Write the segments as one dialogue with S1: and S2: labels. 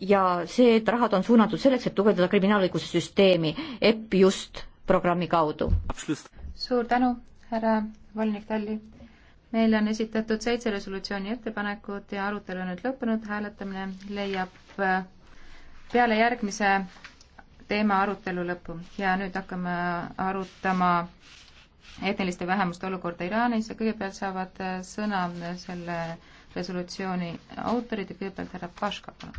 S1: ja see, et rahad on suunatud selleks, et tugevdada kriminaalõiguse süsteemi, EPP just programmi kaudu. suur tänu,
S2: härra Valnik Talli. meile on esitatud seitse resolutsiooni ettepanekut ja arutelu on nüüd lõppenud, hääletamine leiab äh, peale järgmise teema arutelu lõppu ja nüüd hakkame arutama etniliste vähemuste olukorda Iraanis ja kõigepealt saavad äh, sõna äh, selle resolutsiooni autorid ja kõigepealt härra Paška, palun.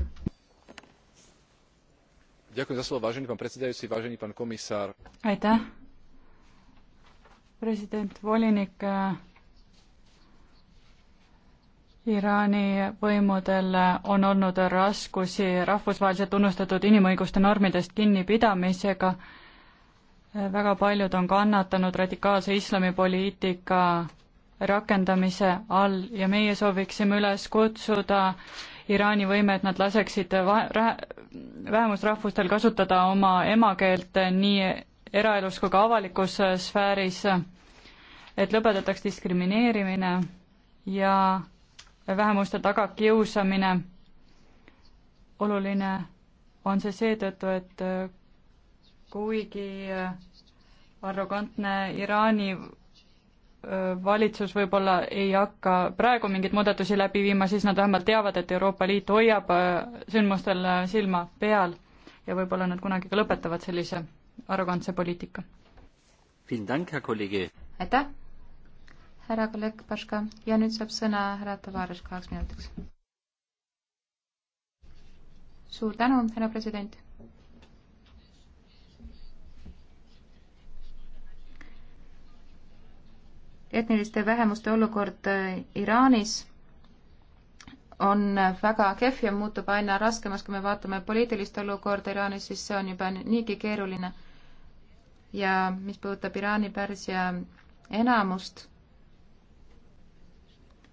S2: aitäh, president,
S3: volinik. Äh, Iraani võimudel äh, on olnud raskusi rahvusvaheliselt tunnustatud inimõiguste normidest kinnipidamisega äh, väga paljud on kannatanud radikaalse islamipoliitika rakendamise all ja meie sooviksime üles kutsuda Iraani võime, et nad laseksid vähemusrahvustel kasutada oma emakeelt nii eraelus kui ka avalikus sfääris, et lõpetataks diskrimineerimine ja vähemuste tagakiusamine. oluline on see seetõttu, et kuigi arrogantne Iraani Äh, valitsus võib-olla ei hakka praegu mingeid muudatusi läbi viima, siis nad vähemalt teavad, et Euroopa Liit hoiab äh, sündmustel äh, silma peal ja võib-olla nad kunagi ka lõpetavad sellise arrogantse poliitika.
S2: aitäh, härra kolleeg Paška ja nüüd saab sõna härra Tavares kaheks minutiks. suur tänu, härra president etniliste vähemuste olukord äh, Iraanis on väga kehv ja muutub aina raskemaks, kui me vaatame poliitilist olukorda Iraanis, siis see on juba niigi keeruline. ja mis puudutab Iraani pärsia enamust,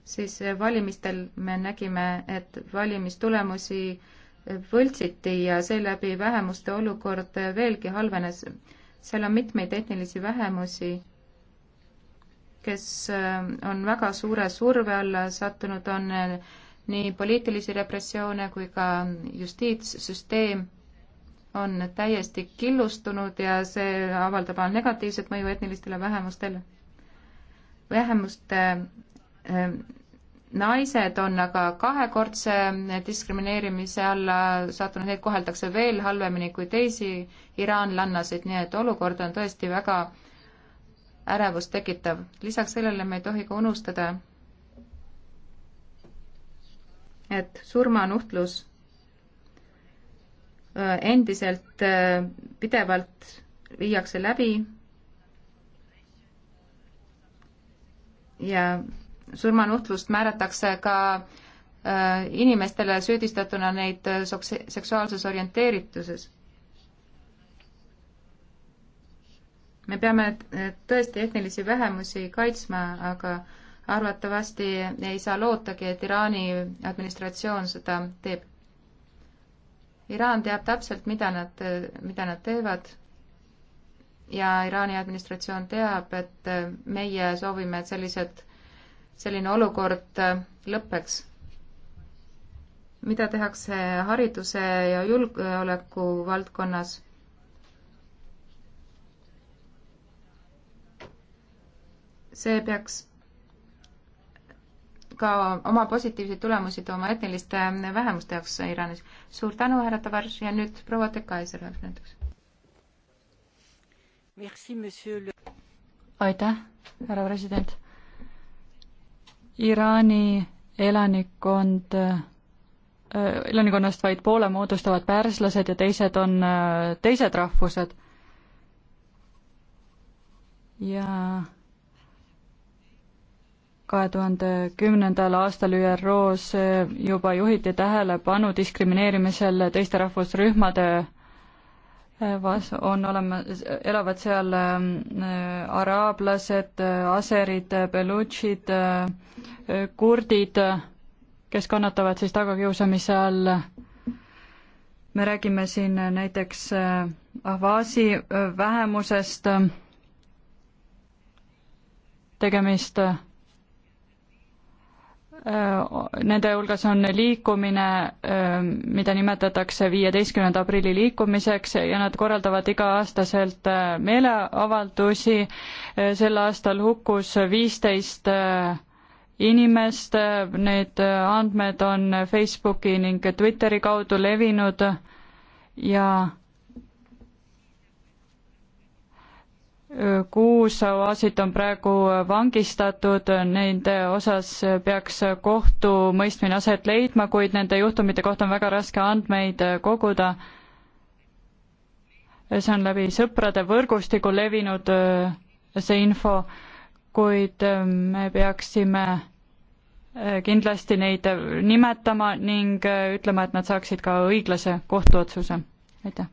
S2: siis äh, valimistel me nägime, et valimistulemusi äh, võltsiti ja seeläbi vähemuste olukord veelgi halvenes. seal on mitmeid etnilisi vähemusi kes äh, on väga suure surve alla sattunud, on äh, nii poliitilisi repressioone kui ka justiitssüsteem on täiesti killustunud ja see avaldab negatiivset mõju etnilistele vähemustele. vähemuste äh, naised on aga kahekordse diskrimineerimise alla sattunud, neid koheldakse veel halvemini kui teisi iraanlannasid, nii et olukord on tõesti väga äh, ärevust tekitav. lisaks sellele me ei tohi ka unustada, et surmanuhtlus äh, endiselt äh, pidevalt viiakse läbi ja surmanuhtlust määratakse ka äh, inimestele süüdistatuna neid seksuaalses orienteerituses me peame eh, tõesti etnilisi vähemusi kaitsma, aga arvatavasti ei saa lootagi, et Iraani administratsioon seda teeb. Iraan teab täpselt, mida nad, mida nad teevad ja Iraani administratsioon teab, et meie soovime, et sellised, selline olukord eh, lõpeks. mida tehakse hariduse ja julgeoleku valdkonnas see peaks ka oma positiivseid tulemusi tooma etniliste vähemuste jaoks Iraanis. suur tänu, härra Tavars ja nüüd proua Dekaiser üheks minutiks. aitäh,
S3: härra president. Iraani elanikkond, äh, elanikkonnast vaid poole moodustavad pärslased ja teised on äh, teised rahvused. ja kahe tuhande kümnendal aastal ÜRO-s juba juhiti tähelepanu diskrimineerimisel teiste rahvusrühmade vas-, on olemas, elavad seal äh, araablased, aserid, belutšid, äh, kurdid, kes kannatavad siis tagakiusamise all. me räägime siin näiteks äh, ahvaasi vähemusest, tegemist Nende hulgas on liikumine, mida nimetatakse viieteistkümnenda aprilli liikumiseks ja nad korraldavad iga-aastaselt meeleavaldusi. sel aastal hukkus viisteist inimest, need andmed on Facebooki ning Twitteri kaudu levinud ja kuus oasid on praegu vangistatud, nende osas peaks kohtumõistmine aset leidma, kuid nende juhtumite kohta on väga raske andmeid koguda. see on läbi sõprade võrgustiku levinud, äh, see info, kuid äh, me peaksime äh, kindlasti neid nimetama ning ütlema, et nad saaksid ka õiglase kohtuotsuse. aitäh!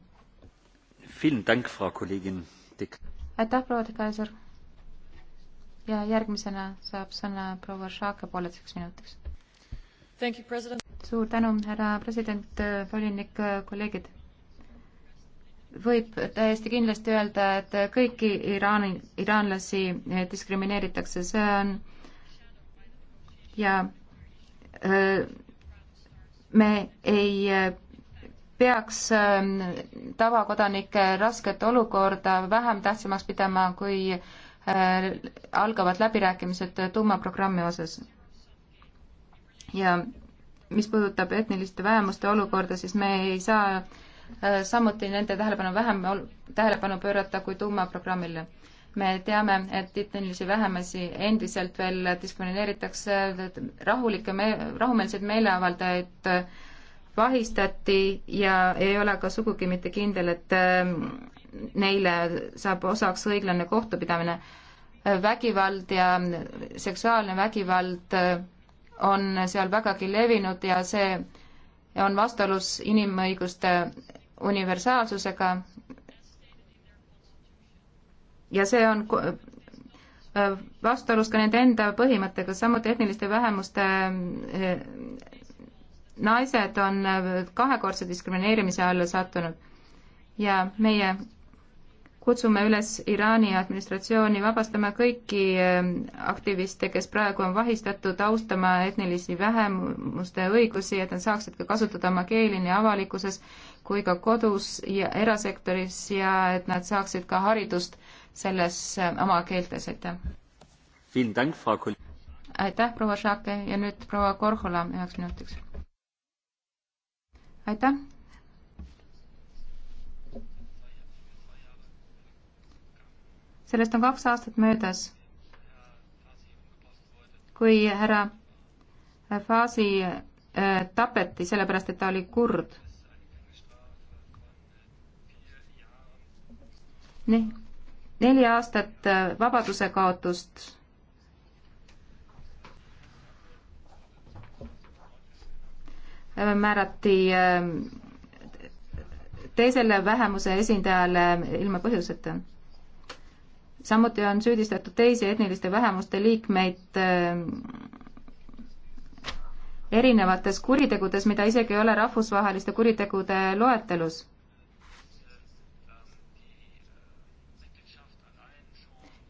S2: aitäh, proua de Kaiser. ja järgmisena saab sõna proua Šaake pooleteiseks minutiks. suur tänu, härra president, volinik, kolleegid võib täiesti kindlasti öelda, et kõiki Iraani, iraanlasi diskrimineeritakse, see on ja öö, äh, me ei äh, peaks ähm, tavakodanike rasket olukorda vähem tähtsamaks pidama, kui äh, algavad läbirääkimised tuumaprogrammi osas. ja mis puudutab etniliste vähemuste olukorda, siis me ei saa äh, samuti nende tähelepanu vähem tähelepanu pöörata kui tuumaprogrammile. me teame, et etnilisi vähemusi endiselt veel diskrimineeritakse rahulikke me-, rahumeelseid meeleavaldajaid vahistati ja ei ole ka sugugi mitte kindel, et ähm, neile saab osaks õiglane kohtupidamine. vägivald ja seksuaalne vägivald äh, on seal vägagi levinud ja see on vastuolus inimõiguste universaalsusega ja see on äh, vastuolus ka nende enda põhimõttega, samuti etniliste vähemuste äh, naised on äh, kahekordse diskrimineerimise alla sattunud ja meie kutsume üles Iraani administratsiooni vabastama kõiki ähm, aktiviste, kes praegu on vahistatud, austama etnilisi vähemuste õigusi, et nad saaksid ka kasutada oma keeli nii avalikkuses kui ka kodus ja erasektoris ja et nad saaksid ka haridust selles äh, oma keeltes, aitäh. aitäh, proua Šake ja nüüd proua Korhola üheks minutiks aitäh. sellest on kaks aastat möödas, kui härra Fasi äh, tapeti sellepärast, et ta oli kurd. nii, neli aastat äh, vabadusekaotust määrati ähm, teisele vähemuse esindajale ilma põhjuseta. samuti on süüdistatud teisi etniliste vähemuste liikmeid ähm, erinevates kuritegudes, mida isegi ei ole rahvusvaheliste kuritegude loetelus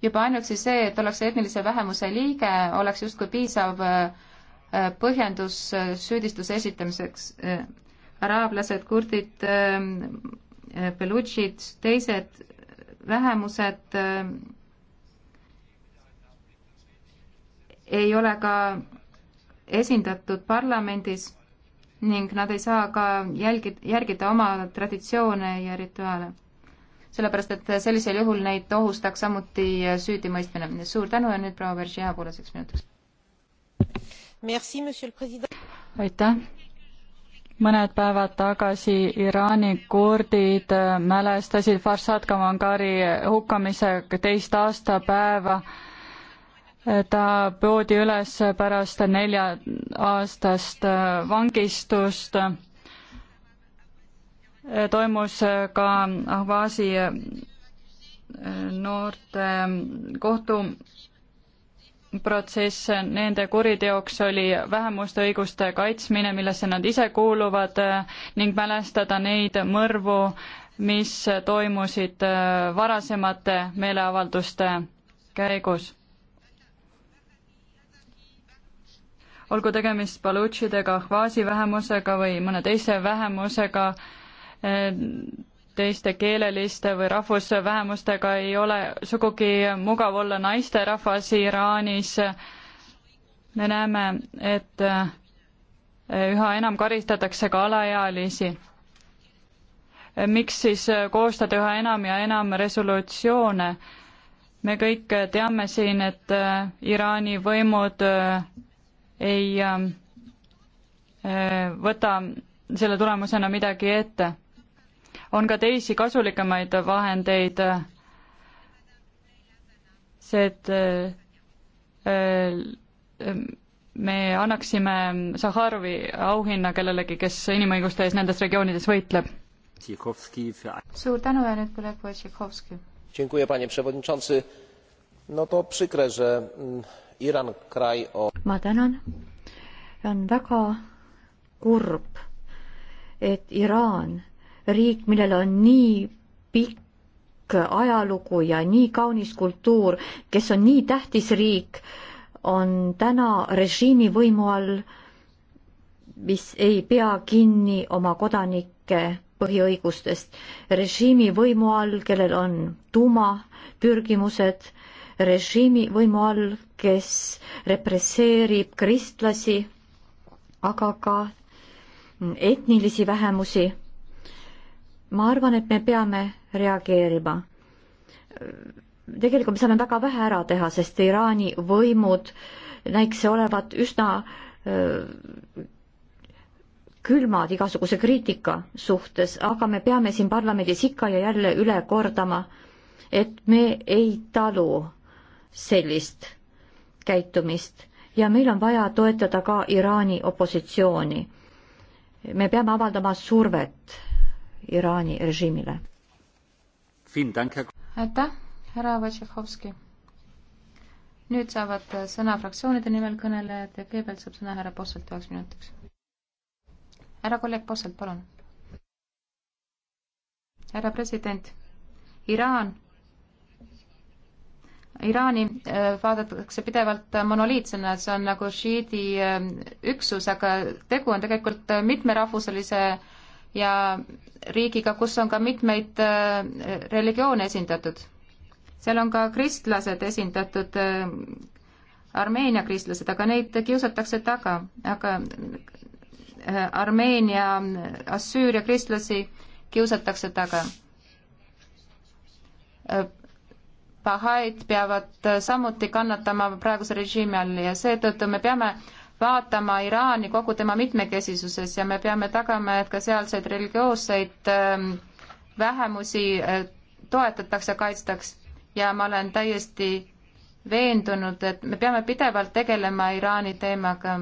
S2: juba ainuüksi see, et ollakse etnilise vähemuse liige, oleks justkui piisav äh, põhjendus äh, süüdistuse esitamiseks. Äh, araablased, kurdid, ähm, äh, belutšid, teised vähemused ei ole ka esindatud parlamendis ning nad ei saa ka jälgi, järgida oma traditsioone ja rituaale. sellepärast, et sellisel juhul neid ohustaks samuti süüdimõistmine. suur tänu ja nüüd proua Veržia pooleteiseks minutiks aitäh.
S3: mõned päevad tagasi Iraani kurdid äh, mälestasid Farsad Kavangari hukkamise teist aastapäeva. Äh, ta poodi üles pärast nelja-aastast äh, vangistust. toimus ka Ahvaasi noorte kohtu protsess nende kuriteoks oli vähemuste õiguste kaitsmine, millesse nad ise kuuluvad ning mälestada neid mõrvu, mis toimusid äh, varasemate meeleavalduste käigus. olgu tegemist Balutšidega, Ahvaasi vähemusega või mõne teise vähemusega, äh, teiste keeleliste või rahvusvähemustega ei ole sugugi mugav olla naisterahvas Iraanis. me näeme, et eh, üha enam karistatakse ka alaealisi. miks siis koostada üha enam ja enam resolutsioone? me kõik teame siin, et eh, Iraani võimud eh, ei võta selle tulemusena midagi ette on ka teisi kasulikemaid vahendeid. see, et äh, äh, me annaksime Sahharovi
S4: auhinna kellelegi,
S3: kes inimõiguste ees nendes regioonides võitleb.
S4: suur
S2: tänu
S1: ja nüüd kolleeg Wojciechowski.
S4: no to przykre, że mm, Iran kraj o
S1: ma tänan. on väga kurb, et Iraan riik, millel on nii pikk ajalugu ja nii kaunis kultuur, kes on nii tähtis riik, on täna režiimi võimu all, mis ei pea kinni oma kodanike põhiõigustest. režiimi võimu all, kellel on tuumapürgimused, režiimi võimu all, kes represseerib kristlasi, aga ka etnilisi vähemusi ma arvan, et me peame reageerima. tegelikult me saame väga vähe ära teha, sest Iraani võimud näikse olevat üsna äh, külmad igasuguse kriitika suhtes, aga me peame siin parlamendis ikka ja jälle üle kordama, et me ei talu sellist käitumist ja meil on vaja toetada ka Iraani opositsiooni. me peame avaldama survet Iraani režiimile.
S2: aitäh, härra Vašehovski. nüüd saavad sõna fraktsioonide nimel kõnelejad ja kõigepealt saab sõna härra Posselt üheks minutiks. härra kolleeg Posselt, palun. härra president, Iraan Iraani äh, vaadatakse pidevalt monoliitsena, et see on nagu šiidi äh, üksus, aga tegu on tegelikult mitmerahvuselise ja riigiga, kus on ka mitmeid äh, religioone esindatud. seal on ka kristlased esindatud, äh, Armeenia kristlased, aga neid kiusatakse taga, aga äh, Armeenia, Assüüria kristlasi kiusatakse taga. Bahaid peavad samuti kannatama praeguse režiimi all ja seetõttu me peame vaatama Iraani kogu tema mitmekesisuses ja me peame tagama, et ka sealseid religioosseid ähm, vähemusi äh, toetatakse, kaitstaks ja ma olen täiesti veendunud, et me peame pidevalt tegelema Iraani teemaga.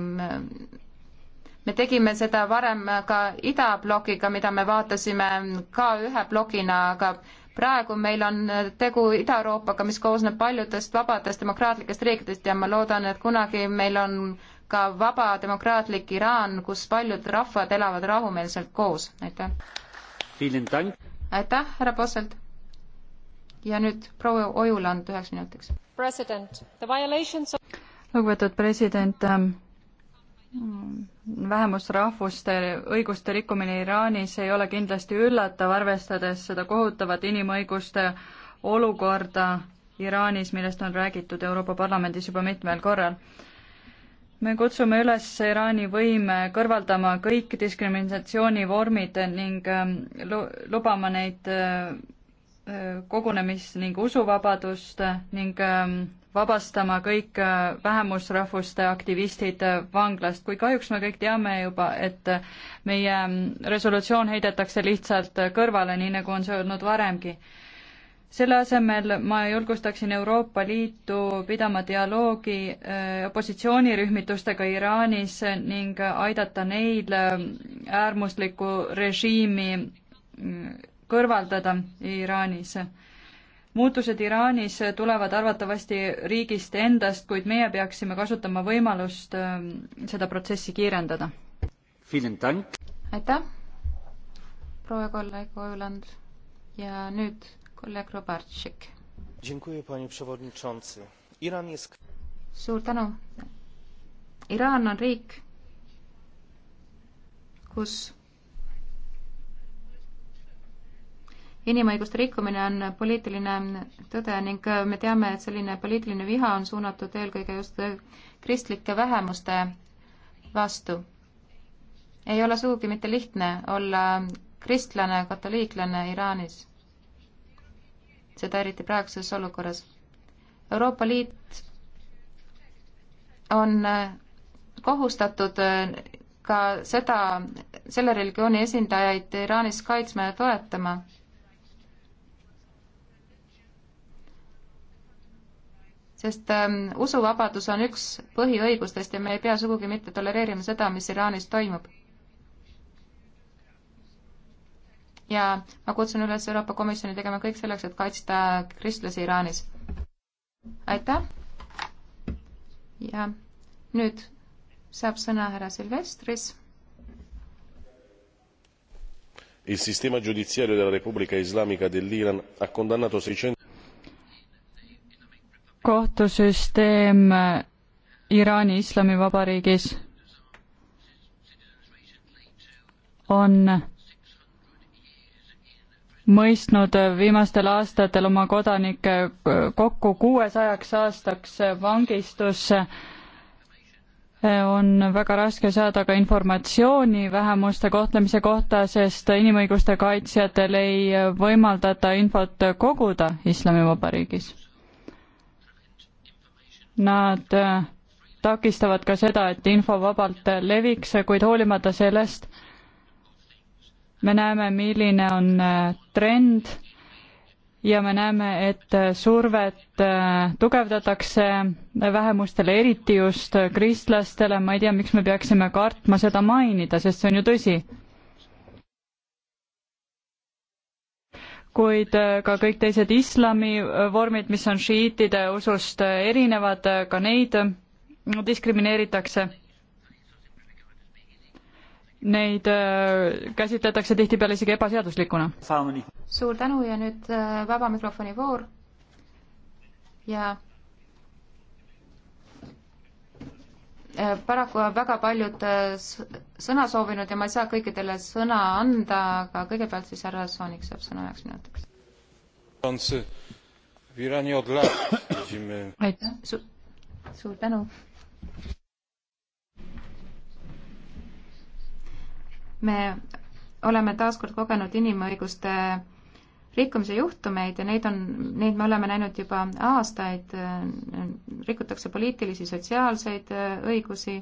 S2: me tegime seda varem ka idablokiga, mida me vaatasime ka ühe blokina, aga praegu meil on tegu Ida-Euroopaga, mis koosneb paljudest vabadest demokraatlikest riikidest ja ma loodan, et kunagi meil on ka vaba demokraatlik Iraan, kus paljud rahvad elavad rahumeelselt koos, aitäh. aitäh, härra Posselt. ja nüüd proua Ojuland üheks minutiks. lugupeetud president ähm, vähemusrahvuste
S3: õiguste rikkumine Iraanis ei ole kindlasti üllatav, arvestades seda kohutavat inimõiguste olukorda Iraanis, millest on räägitud Euroopa Parlamendis juba mitmel korral me kutsume üles Iraani võime kõrvaldama kõik diskriminatsiooni vormid ning ähm, lubama neid äh, äh, kogunemis- ning usuvabadust ning ähm, vabastama kõik äh, vähemusrahvuste aktivistid vanglast, kui kahjuks me kõik teame juba, et meie ähm, resolutsioon heidetakse lihtsalt kõrvale, nii nagu on see olnud varemgi selle asemel ma julgustaksin Euroopa Liitu pidama dialoogi äh, opositsioonirühmitustega Iraanis ning aidata neil äh, äärmuslikku režiimi mm, kõrvaldada Iraanis. muutused Iraanis tulevad arvatavasti riigist endast, kuid meie peaksime kasutama võimalust äh, seda protsessi kiirendada.
S2: aitäh, proua kolleeg Ojuland ja nüüd kolleeg Robartšik. suur tänu. Iraan on riik, kus inimõiguste rikkumine on poliitiline tõde ning me teame, et selline poliitiline viha on suunatud eelkõige just kristlike vähemuste vastu. ei ole sugugi mitte lihtne olla kristlane, katoliiklane Iraanis seda eriti praeguses olukorras. Euroopa Liit on äh, kohustatud äh, ka seda, selle religiooni esindajaid Iraanis kaitsma ja toetama. sest ähm, usuvabadus on üks põhiõigustest ja me ei pea sugugi mitte tolereerima seda, mis Iraanis toimub ja ma kutsun üles Euroopa Komisjoni tegema kõik selleks, et kaitsta kristlasi Iraanis. aitäh! ja nüüd saab sõna härra Silvestris.
S4: Il sistema giudiziario della Repubblica Islamica dell'Iran ha condannato 600
S3: kohtusüsteem Iraani Islamivabariigis on mõistnud viimastel aastatel oma kodanikke kokku kuuesajaks aastaks vangistusse. on väga raske saada ka informatsiooni vähemuste kohtlemise kohta, sest inimõiguste kaitsjatel ei võimaldata infot koguda Islamivabariigis. Nad takistavad ka seda, et info vabalt leviks, kuid hoolimata sellest, me näeme, milline on äh, trend ja me näeme, et äh, survet äh, tugevdatakse vähemustele, eriti just kristlastele, ma ei tea, miks me peaksime kartma seda mainida, sest see on ju tõsi. kuid ka kõik teised islami vormid, mis on šiiitide usust erinevad, ka neid diskrimineeritakse neid äh, käsitletakse tihtipeale isegi ebaseaduslikuna.
S2: suur tänu ja nüüd äh, vaba mikrofoni voor ja äh, paraku on väga paljud sõna soovinud ja ma ei saa kõikidele sõna anda, aga kõigepealt siis härra Soonik saab sõna üheks minutiks. aitäh, suur tänu. me oleme taaskord kogenud inimõiguste rikkumise juhtumeid ja neid on, neid me oleme näinud juba aastaid, rikutakse poliitilisi, sotsiaalseid õigusi.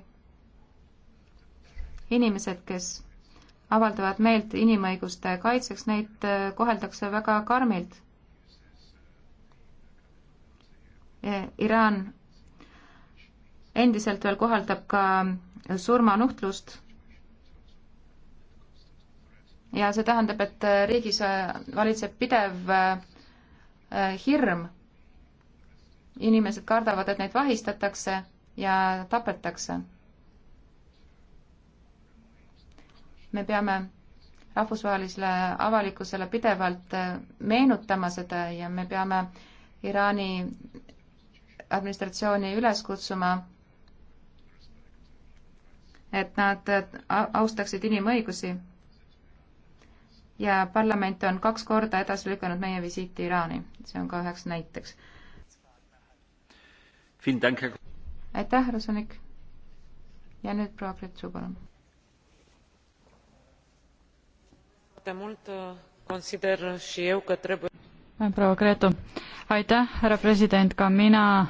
S2: inimesed, kes avaldavad meelt inimõiguste kaitseks, neid koheldakse väga karmilt. Iraan endiselt veel kohaldab ka surmanuhtlust ja see tähendab, et äh, riigis äh, valitseb pidev äh, hirm. inimesed kardavad, et neid vahistatakse ja tapetakse. me peame rahvusvahelisele avalikkusele pidevalt meenutama seda ja me peame Iraani administratsiooni üles kutsuma, et nad austaksid inimõigusi ja parlament on kaks korda edasi lükanud meie visiiti Iraani. see on ka üheks näiteks. aitäh, härra Sonik. ja nüüd proua Kretsu, palun.
S3: Uh, proua Gretu, aitäh, härra president, ka mina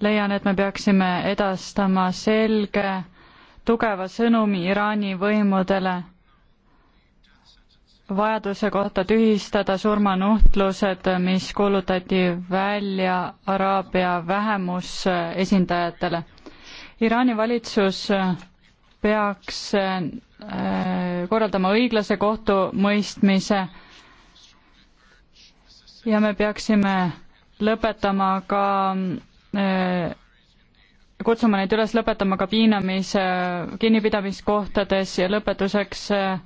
S3: leian, et me peaksime edastama selge tugeva sõnumi Iraani võimudele vajaduse kohta tühistada surmanuhtlused, mis kuulutati välja Araabia vähemuse esindajatele. Iraani valitsus peaks äh, korraldama õiglase kohtumõistmise ja me peaksime lõpetama ka, äh, kutsuma neid üles lõpetama ka piinamise kinnipidamiskohtades ja lõpetuseks äh,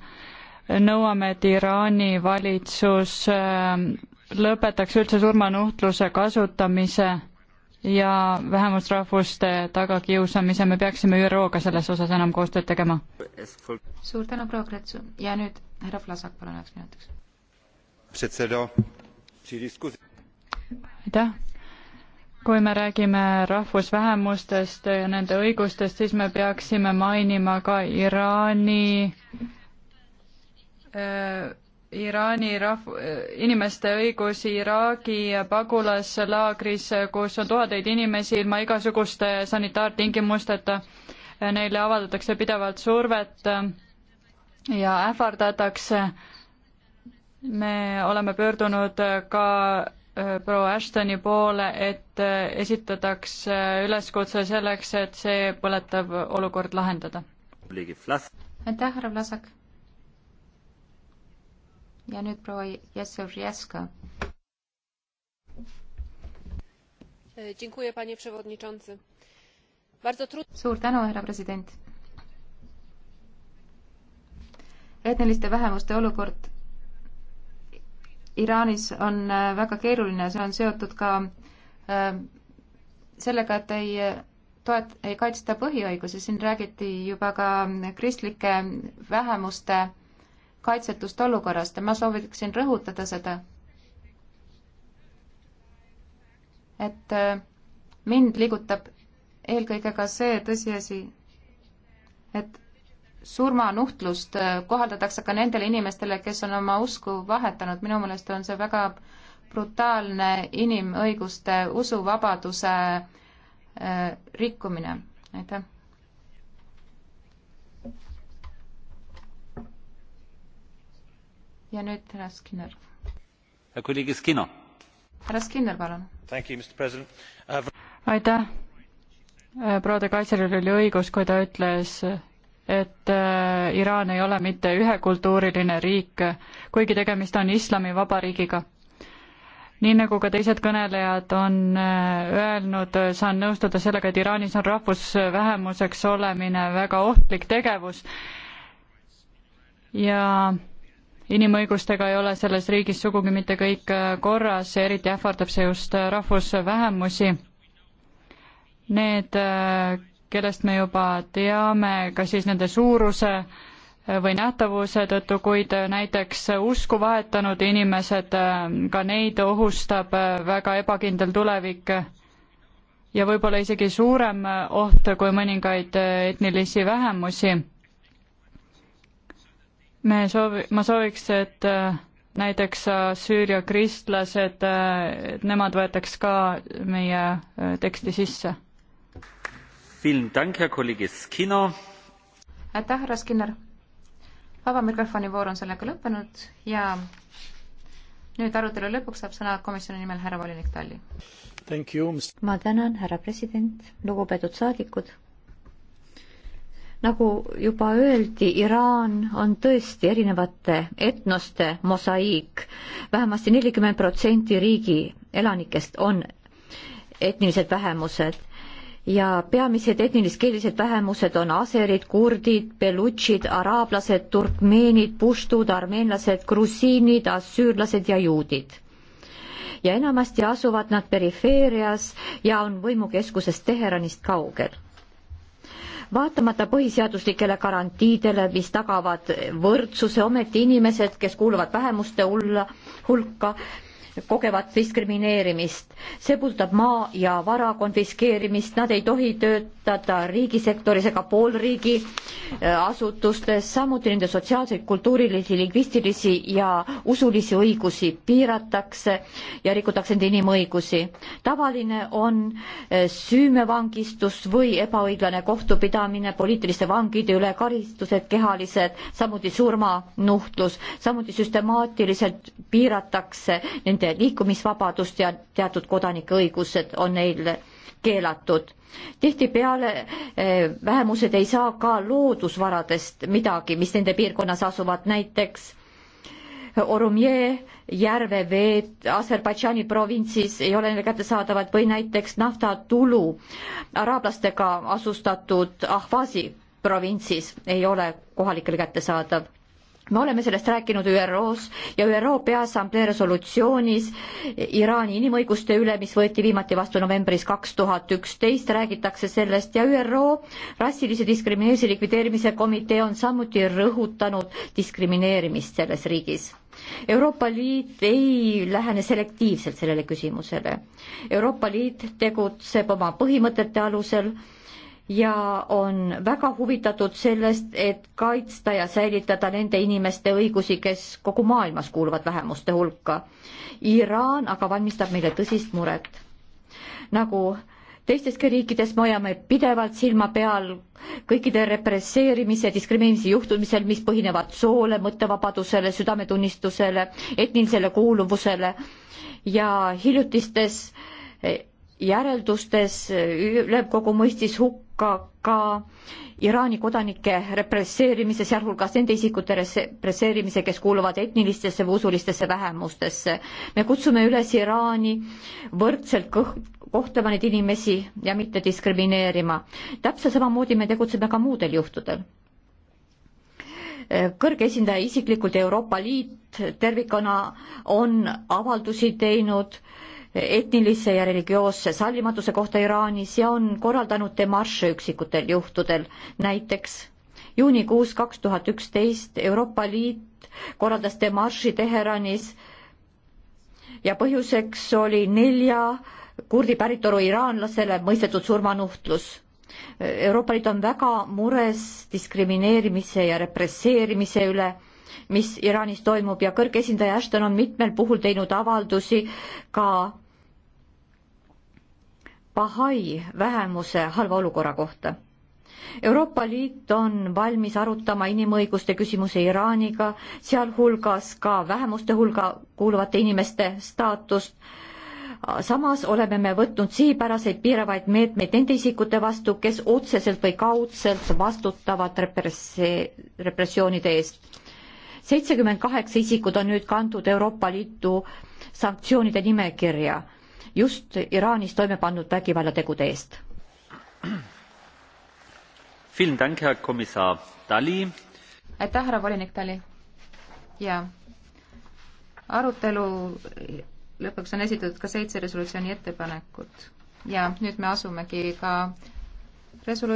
S3: nõuame, et Iraani valitsus ähm, lõpetaks üldse surmanuhtluse kasutamise ja vähemusrahvuste tagakiusamise, me peaksime ÜRO-ga selles osas enam koostööd tegema.
S2: suur tänu, proua Kretsu ja nüüd härra Vlasak, palun üheks minutiks.
S3: aitäh kui me räägime rahvusvähemustest ja nende õigustest, siis me peaksime mainima ka Iraani Äh, Iraani rahv-, äh, inimeste õigusi Iraagi pagulaslaagris, kus on tuhandeid inimesi ilma igasuguste sanitaartingimusteta. Äh, neile avaldatakse pidevalt survet ja ähvardatakse. me oleme pöördunud ka proua Ashtoni poole, et esitataks üleskutse selleks, et see põletav olukord lahendada. aitäh, härra Vlasak!
S2: ja nüüd proua Jessovjeska. suur tänu, härra president. etniliste vähemuste olukord Iraanis on äh, väga keeruline, see on seotud ka äh, sellega, et ei äh, toet-, ei kaitsta põhiõigusi, siin räägiti juba ka kristlike vähemuste kaitsetust olukorrast ja ma sooviksin rõhutada seda, et äh, mind liigutab eelkõige ka see tõsiasi, et surmanuhtlust äh, kohaldatakse ka nendele inimestele, kes on oma usku vahetanud, minu meelest on see väga brutaalne inimõiguste, usuvabaduse äh, rikkumine, aitäh ja nüüd härra Skinner.
S4: kolleeg Skinner.
S2: härra Skinner, palun.
S4: Uh,
S2: aitäh.
S3: Uh, proua de Kaiseril oli õigus, kui ta ütles, et uh, Iraan ei ole mitte ühekultuuriline riik, kuigi tegemist on islamivabariigiga. nii nagu ka teised kõnelejad on öelnud, saan nõustuda sellega, et Iraanis on rahvusvähemuseks olemine väga ohtlik tegevus ja inimõigustega ei ole selles riigis sugugi mitte kõik äh, korras ja eriti ähvardab see just äh, rahvusvähemusi. Need, äh, kellest me juba teame, ka siis nende suuruse või nähtavuse tõttu, kuid näiteks usku vahetanud inimesed, ka neid ohustab väga ebakindel tulevik ja võib-olla isegi suurem oht kui mõningaid etnilisi vähemusi me soovi-, ma sooviks, et äh, näiteks äh, Süüria kristlased, äh, et nemad võetaks ka meie teksti sisse.
S2: aitäh, härra Skinner! vaba mikrofoni voor on sellega lõppenud ja nüüd arutelu lõpuks saab sõna komisjoni nimel härra volinik Talli.
S1: ma tänan, härra president, lugupeetud saadikud nagu juba öeldi, Iraan on tõesti erinevate etnoste mosaiik vähemasti. vähemasti nelikümmend protsenti riigi elanikest on etnilised vähemused ja peamised etnilis-keelised vähemused on aserid, kurdid, belutšid, araablased, turkmeenid, puštud, armeenlased, grusiinid, assüürlased ja juudid. ja enamasti asuvad nad perifeerias ja on võimukeskusest Teheranist kaugel vaatamata põhiseaduslikele garantiidele, mis tagavad võrdsuse, ometi inimesed, kes kuuluvad vähemuste hulla, hulka, kogevad diskrimineerimist. see puudutab maa ja vara konfiskeerimist, nad ei tohi tööd toetada riigisektoris ega poolriigi äh, asutustes, samuti nende sotsiaalseid, kultuurilisi, lingvistilisi ja usulisi õigusi piiratakse ja rikutakse nende inimõigusi. tavaline on äh, süümevangistus või ebaõiglane kohtupidamine, poliitiliste vangide üle karistused, kehalised, samuti surmanuhtlus, samuti süstemaatiliselt piiratakse nende liikumisvabadust ja teatud kodanike õigused on neil keelatud. tihtipeale eh, vähemused ei saa ka loodusvaradest midagi, mis nende piirkonnas asuvad, näiteks eh, Oromjee järve veed Aserbaidžaani provintsis ei ole neile kättesaadavad või näiteks naftatulu araablastega asustatud Ahvazi provintsis ei ole kohalikele kättesaadav me oleme sellest rääkinud ÜRO-s ja ÜRO Peaassamblee resolutsioonis Iraani inimõiguste üle, mis võeti viimati vastu novembris kaks tuhat üksteist, räägitakse sellest ja ÜRO rassilise diskrimineerimise likvideerimise komitee on samuti rõhutanud diskrimineerimist selles riigis. Euroopa Liit ei lähene selektiivselt sellele küsimusele. Euroopa Liit tegutseb oma põhimõtete alusel ja on väga huvitatud sellest, et kaitsta ja säilitada nende inimeste õigusi, kes kogu maailmas kuuluvad vähemuste hulka. Iraan aga valmistab meile tõsist muret. nagu teisteski riikides me hoiame pidevalt silma peal kõikide represseerimise, diskrimineerimise juhtumisel, mis põhinevad soole, mõttevabadusele, südametunnistusele, etnilisele kuuluvusele ja hiljutistes eh, järeldustes ülemkogu mõistis hukka PKK Iraani kodanike represseerimise, sealhulgas nende isikute represseerimise, kes kuuluvad etnilistesse või usulistesse vähemustesse. me kutsume üles Iraani võrdselt kõh-, kohtlema neid inimesi ja mitte diskrimineerima. täpselt samamoodi me tegutseme ka muudel juhtudel kõrge esindaja isiklikult Euroopa Liit tervikuna on avaldusi teinud äh, etnilise ja religioosse sallimatuse kohta Iraanis ja on korraldanud demarše üksikutel juhtudel. näiteks juunikuus kaks tuhat üksteist Euroopa Liit korraldas demarši Teheranis ja põhjuseks oli nelja kurdi päritolu iraanlasele mõistetud surmanuhtlus. Euroopa Liit on väga mures diskrimineerimise ja represseerimise üle mis Iraanis toimub ja kõrge esindaja Ashton on mitmel puhul teinud avaldusi ka Bahai vähemuse halva olukorra kohta. Euroopa Liit on valmis arutama inimõiguste küsimusi Iraaniga, sealhulgas ka vähemuste hulga kuuluvate inimeste staatust samas oleme me võtnud sihipäraseid piiravaid meetmeid nende isikute vastu, kes otseselt või kaudselt vastutavad repressioonide eest seitsekümmend kaheksa isikut on nüüd kantud Euroopa Liidu sanktsioonide nimekirja just Iraanis toime pannud vägivallategude eest. aitäh, härra
S2: volinik Tali. ja arutelu lõpuks on esitatud ka seitse resolutsiooni ettepanekut ja nüüd me asumegi ka resolutsiooni